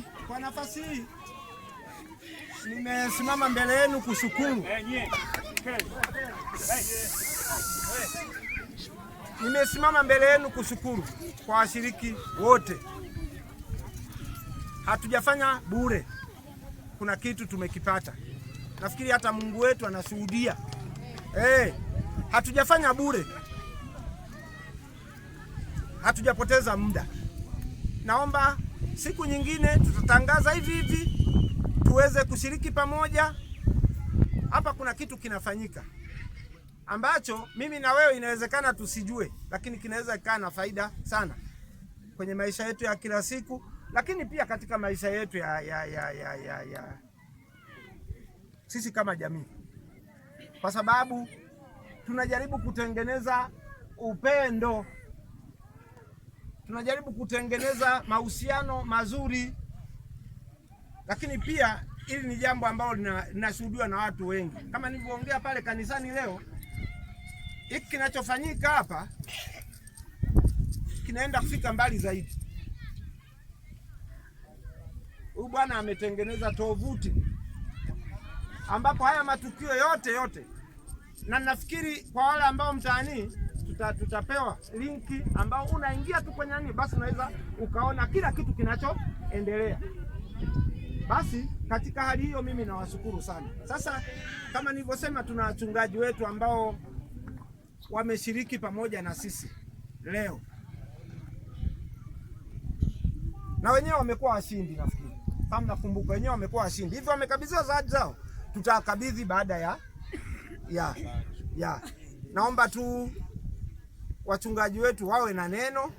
kwa nafasi hii nimesimama mbele yenu kushukuru. Nimesimama mbele yenu kushukuru kwa washiriki wote. Hatujafanya bure, kuna kitu tumekipata. Nafikiri hata Mungu wetu anashuhudia. Hey, eh, hatujafanya bure, hatujapoteza muda. Naomba Siku nyingine tutatangaza hivi hivi tuweze kushiriki pamoja. Hapa kuna kitu kinafanyika ambacho mimi na wewe inawezekana tusijue, lakini kinaweza ikawa na faida sana kwenye maisha yetu ya kila siku, lakini pia katika maisha yetu ya, ya, ya, ya, ya, ya. sisi kama jamii, kwa sababu tunajaribu kutengeneza upendo tunajaribu kutengeneza mahusiano mazuri, lakini pia hili ni jambo ambalo linashuhudiwa na watu wengi. Kama nilivyoongea pale kanisani leo, hiki kinachofanyika hapa kinaenda kufika mbali zaidi. Huyu bwana ametengeneza tovuti ambapo haya matukio yote yote, na nafikiri kwa wale ambao mtaanii tuta, tutapewa linki ambao unaingia tu kwenye nini, basi unaweza ukaona kila kitu kinachoendelea. Basi katika hali hiyo mimi nawashukuru sana. Sasa kama nilivyosema, tuna wachungaji wetu ambao wameshiriki pamoja na sisi leo, na wenyewe wamekuwa washindi, nafikiri kama nakumbuka, wenyewe wamekuwa washindi. Hivyo wamekabidhiwa zawadi zao, tutawakabidhi baada ya ya ya, naomba tu wachungaji wetu wawe na neno.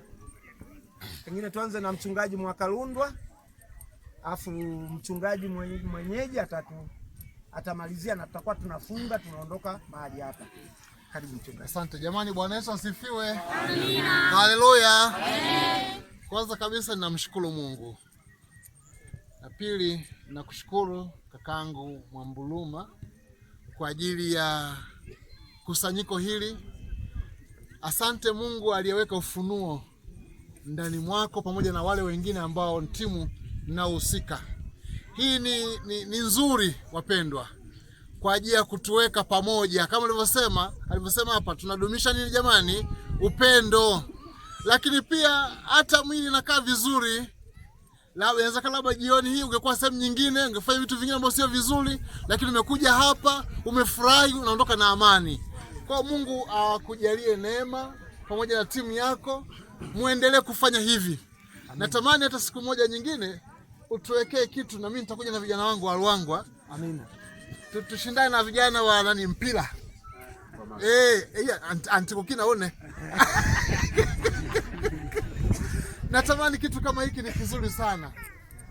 Pengine tuanze na mchungaji Mwakalundwa, afu mchungaji mwenyeji atatu atamalizia na tutakuwa tunafunga tunaondoka mahali hapa. Karibu mchungaji. Asante jamani, Bwana Yesu asifiwe. Amina. Haleluya. Kwanza kabisa ninamshukuru Mungu na pili nakushukuru kakangu Mwambuluma kwa ajili ya kusanyiko hili Asante Mungu aliyeweka ufunuo ndani mwako pamoja na wale wengine ambao timu nahusika. Hii ni, ni, ni nzuri wapendwa, kwa ajili ya kutuweka pamoja kama alivyosema alivyosema hapa, tunadumisha nini jamani? Upendo, lakini pia hata mwili nakaa vizuri inawezekana labda jioni hii ungekuwa sehemu nyingine, ungefanya vitu vingine ambavyo sio vizuri, lakini umekuja hapa, umefurahi, unaondoka na amani. Kwa Mungu awakujalie neema pamoja na timu yako, muendelee kufanya hivi. Natamani hata siku moja nyingine utuwekee kitu, na mimi nitakuja na vijana wangu wa Ruangwa. Amina, tushindane na vijana wa nani mpira eh, eh antikukinaone natamani kitu kama hiki, ni kizuri sana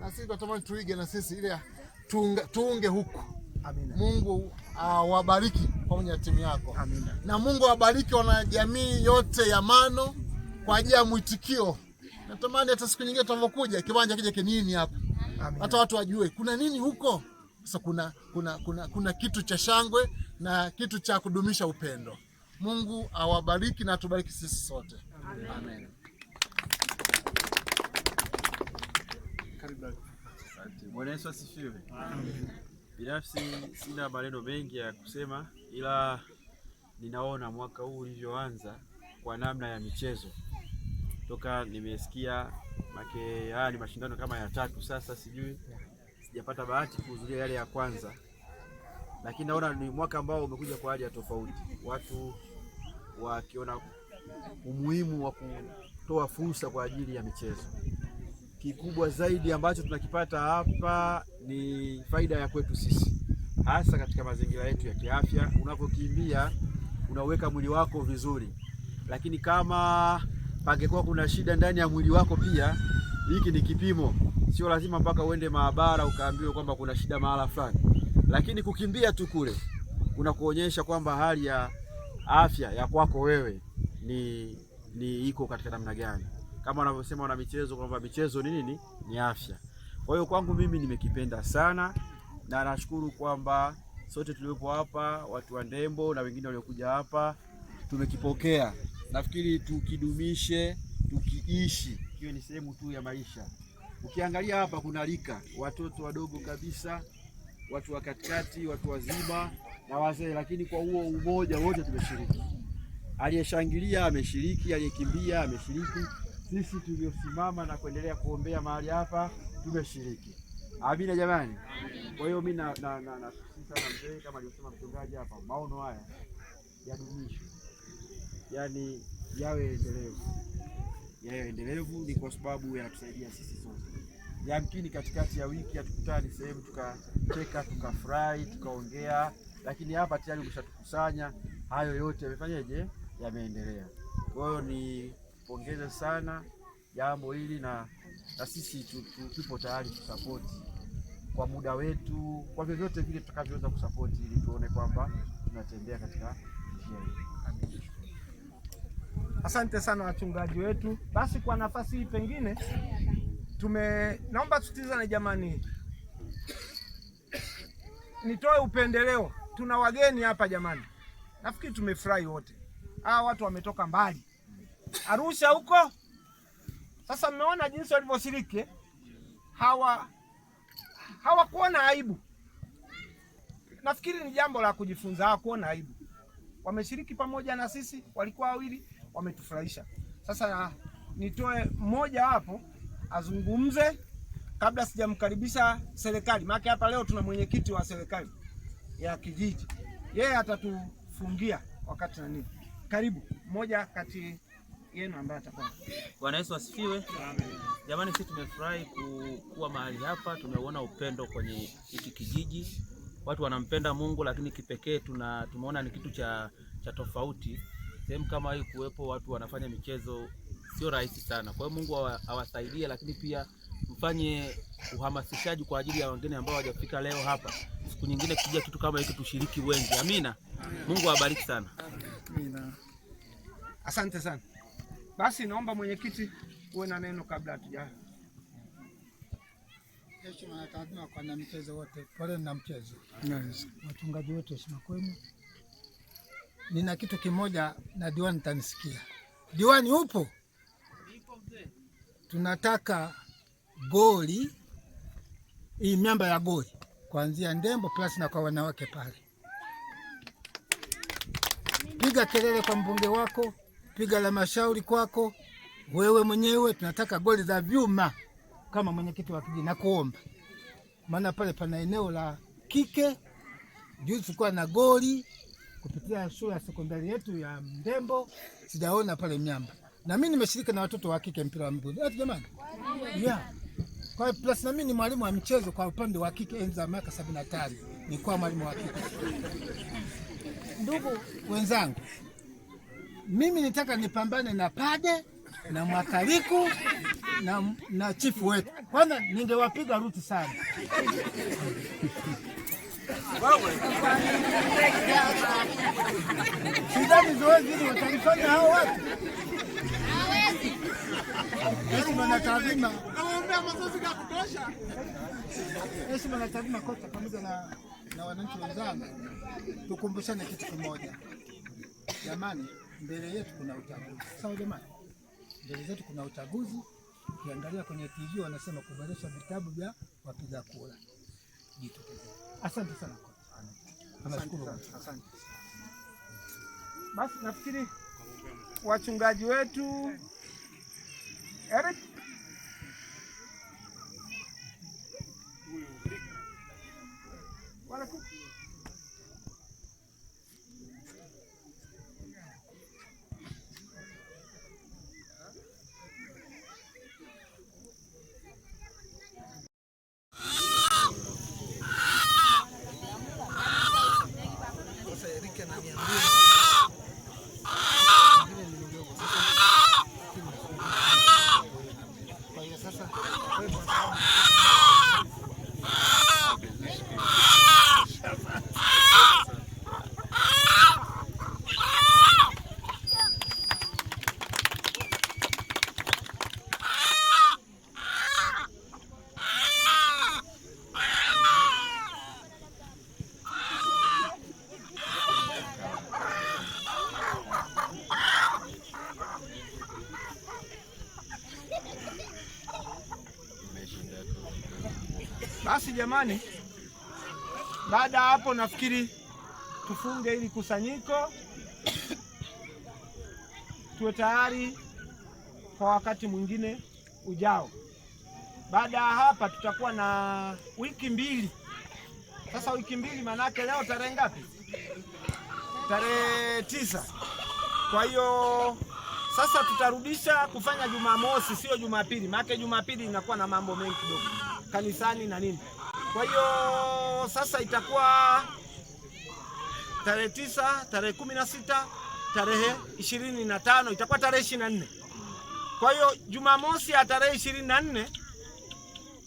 na sisi tunatamani tuige, na sisi ile tuunge, tuunge huku Amina. Mungu awabariki ah, uh, pamoja na timu yako Amina. Na Mungu awabariki wanajamii yote ya Mano kwa ajili ya mwitikio. Natamani hata siku nyingine tutavyokuja kiwanja kije kinini hapa, hata watu wajue kuna nini huko sasa. Kuna, kuna, kuna, kuna kitu cha shangwe na kitu cha kudumisha upendo. Mungu awabariki na atubariki sisi sote Amen. Amen. Bwana Yesu asifiwe. Amen. Binafsi sina maneno mengi ya kusema, ila ninaona mwaka huu ulivyoanza kwa namna ya michezo toka nimesikia make haya ni mashindano kama ya tatu sasa, sijui sijapata bahati kuhudhuria yale ya kwanza, lakini naona ni mwaka ambao umekuja kwa ya tofauti, watu wakiona umuhimu wa kutoa fursa kwa ajili ya michezo kikubwa zaidi ambacho tunakipata hapa ni faida ya kwetu sisi, hasa katika mazingira yetu ya kiafya. Unapokimbia unaweka mwili wako vizuri, lakini kama pangekuwa kuna shida ndani ya mwili wako pia, hiki ni kipimo. Sio lazima mpaka uende maabara ukaambiwe kwamba kuna shida mahala fulani, lakini kukimbia tu kule kuna kuonyesha kwamba hali ya afya ya kwako wewe ni, ni iko katika namna gani kama wanavyosema wana michezo kwamba michezo ni nini? Ni afya. Kwa hiyo kwangu mimi nimekipenda sana na nashukuru kwamba sote tuliopo hapa, watu wa Ndembo na wengine waliokuja hapa, tumekipokea. Nafikiri tukidumishe, tukiishi, hiyo ni sehemu tu ya maisha. Ukiangalia hapa kuna lika, watoto wadogo kabisa, watu wa katikati, watu wazima na wazee, lakini kwa huo umoja wote tumeshiriki. Aliyeshangilia ameshiriki, aliyekimbia ameshiriki sisi tuliosimama na kuendelea kuombea mahali hapa tumeshiriki. Amina jamani. Kwa hiyo mimi na na na sana mzee, kama alivyosema mchungaji hapa, maono haya yadumishwe, yaani yawe endelevu, yawe endelevu. Ni kwa sababu yanatusaidia sisi sote. Yamkini katikati ya wiki hatukutani sehemu tukacheka, tukafurahi, tukaongea, lakini hapa tayari umeshatukusanya. Hayo yote yamefanyaje? Yameendelea. Kwa hiyo ni pongeza sana jambo hili, na na sisi tupo tayari kusapoti kwa muda wetu, kwa vyovyote vile tutakavyoweza kusapoti ili tuone kwamba tunatembea katika njia hii. Asante sana wachungaji wetu. Basi kwa nafasi hii pengine tume naomba tutizane, jamani, nitoe upendeleo. Tuna wageni hapa jamani, nafikiri tumefurahi wote, hawa watu wametoka mbali Arusha huko. Sasa mmeona jinsi walivyoshiriki, hawa hawakuona aibu. Nafikiri ni jambo la kujifunza, hawakuona aibu. Wameshiriki pamoja na sisi, walikuwa wawili, wametufurahisha. Sasa nitoe mmoja wapo azungumze kabla sijamkaribisha serikali, maana hapa leo tuna mwenyekiti wa serikali ya kijiji, yeye atatufungia wakati na nini. Karibu mmoja kati yenu atakuwa. Bwana Yesu asifiwe. Amen. Jamani, sisi tumefurahi kuwa mahali hapa, tumeuona upendo kwenye hiki kijiji, watu wanampenda Mungu, lakini kipekee tuna tumeona ni kitu cha, cha tofauti. Sehemu kama hii kuwepo watu wanafanya michezo sio rahisi sana, kwa hiyo Mungu awasaidie, lakini pia mfanye uhamasishaji kwa ajili ya wengine ambao hawajafika leo hapa. Siku nyingine kija kitu kama hiki tushiriki wengi. Amina. Mungu awabariki sana. Amina. Asante sana. Basi naomba mwenyekiti uwe na neno kabla hatuja. Heshima na taadhima kwa na mchezo wote, pole na mchezo wachungaji wote, heshima kwenu. Nina kitu kimoja na diwani, tanisikia diwani, upo? Tunataka goli hii miamba ya goli kuanzia Ndembo plus na kwa wanawake pale, piga kelele kwa mbunge wako piga mashauri kwako wewe mwenyewe, tunataka goli za vyuma kama mwenyekiti wa kijiji, na kuomba maana pale pana eneo la kike. Juzi tulikuwa na goli kupitia shule ya sekondari yetu ya Mdembo, sijaona pale miamba, na mimi nimeshirika na watoto wa kike mpira wa miguu eti eh, jamani, yeah. Kwa plus na mimi ni mwalimu wa mchezo kwa upande wa kike, enzi za miaka 75 nilikuwa mwalimu wa kike. Ndugu wenzangu mimi nitaka nipambane na Pade na Mwakaliku na, na chifu wetu, kwanza ningewapiga ruti sana sidhani zoezi hili watalifanya hao watu heshima na taadhima heshima na taadhima kote pamoja na wananchi wenzangu, tukumbushane kitu kimoja jamani mbele yetu kuna uchaguzi. Sawa jamani, mbele yetu kuna uchaguzi. Ukiangalia kwenye TV wanasema kuboresha vitabu vya wapiga kura. Jitokeze. Asante sana kwa. Asante. Basi nafikiri wachungaji wetu Eric 啊。Basi jamani, baada ya hapo nafikiri tufunge hili kusanyiko, tuwe tayari kwa wakati mwingine ujao. Baada ya hapa tutakuwa na wiki mbili. Sasa wiki mbili maanake leo tarehe ngapi? Tarehe tisa. Kwa hiyo sasa tutarudisha kufanya Jumamosi, sio Jumapili, maanake Jumapili inakuwa na mambo mengi kidogo kanisani na nini. Kwa hiyo sasa itakuwa tarehe tisa, tarehe kumi na sita, tarehe ishirini na tano itakuwa tarehe ishirini na nne. Kwa hiyo Jumamosi ya tarehe ishirini na nne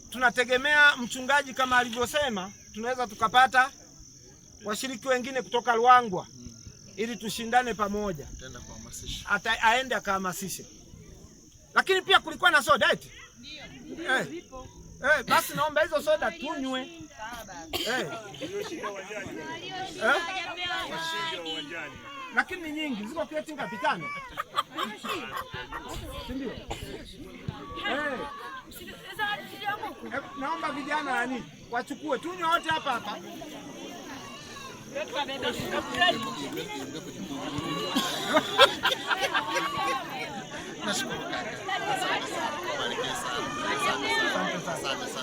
tunategemea mchungaji kama alivyosema, tunaweza tukapata washiriki wengine kutoka Ruangwa ili tushindane pamoja, ata aende akahamasishe. Lakini pia kulikuwa na SODETI eh. Eh, basi naomba hizo soda tunywe. Eh. eh? Lakini nyingi ziko kreti ngapi? Tano. Ndio. Eh. Eh, naomba vijana nani wachukue tunywe wote hapa hapa. Mas como, cara? Para